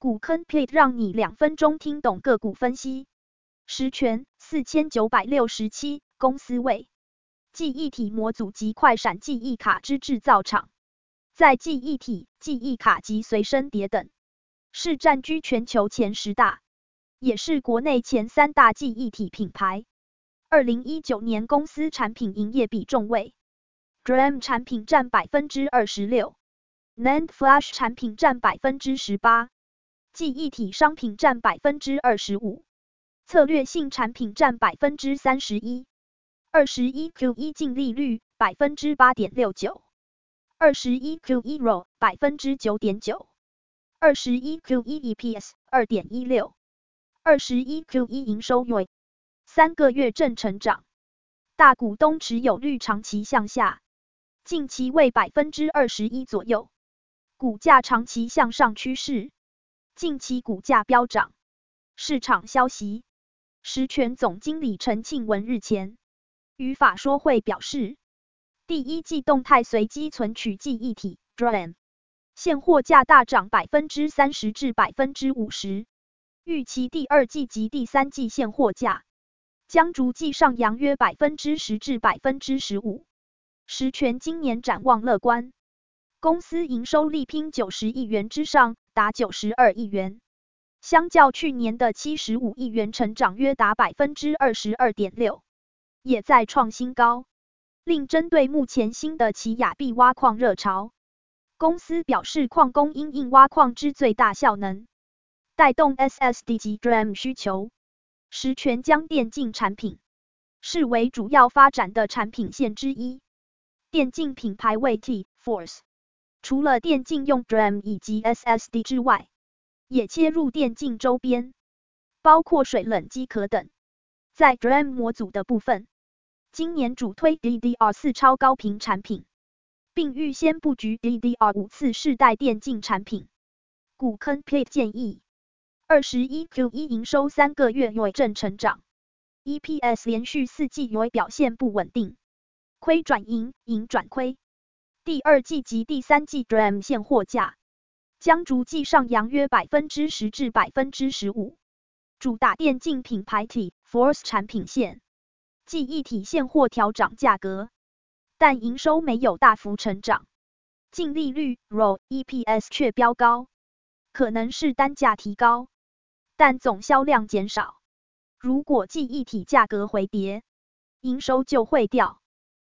股坑 plate 讓你兩分鐘聽懂個股分析。十銓四千九百六十七公司為，記憶體模組及快閃記憶卡之製造廠，在記憶體、記憶卡及隨身碟等，是佔據全球前十大，也是國內前三大記憶體品牌。二零一九年公司產品營業比重為 DRAM 產品占百分之二十六，NAND Flash 產品占百分之十八。記憶體商品占百分之二十五，策略性產品占百分之三十一。二十一 Q 一、e、淨利率百分之八點六九，二十一 Q 一 ROE 百分之九點九，二十一 Q 一、e、EPS 二點一六，二十一 Q 一、e、營收為，三個月正成長，大股東持有率長期向下，近期為百分之二十一左右，股價長期向上趨勢。近期股價飆漲，市場消息，十銓總經理陳慶文日前與法說會表示，第一季動態隨機存取記憶體 DRAM 現貨價大漲百分之三十至百分之五十，預期第二季及第三季現貨價將逐季上揚約百分之十至百分之十五。十銓今年展望樂觀，公司營收力拼九十億元之上。達九十二億元，相較去年的七十五億元，成長約達百分之二十二點六，也在創新高。另針對目前新的奇亞幣挖礦熱潮，公司表示，礦工因應挖礦之最大效能，帶動 SSD 及 DRAM 需求，十銓將電競產品視為主要發展的產品線之一，電競品牌為 T-Force。For 除了電競用 DRAM 以及 SSD 之外，也切入電競周邊，包括水冷機殼等。在 DRAM 模組的部分，今年主推 DDR4 超高頻產品，並預先布局 DDR5 次世代電競產品。股坑 plate 建議：二十一 Q 一營收三個月 YoY 正成長，EPS 連續四季 YoY 表現不穩定，虧轉盈，盈轉虧。第二季及第三季 DRAM 現貨價將逐季上揚約百分之十至百分之十五。主打電競品牌 T-Force 產品線，記憶體現貨調漲價格，但營收沒有大幅成長，淨利率 ROE、EPS 卻飆高，可能是單價提高，但總銷量減少。如果記憶體價格回跌，營收就會掉。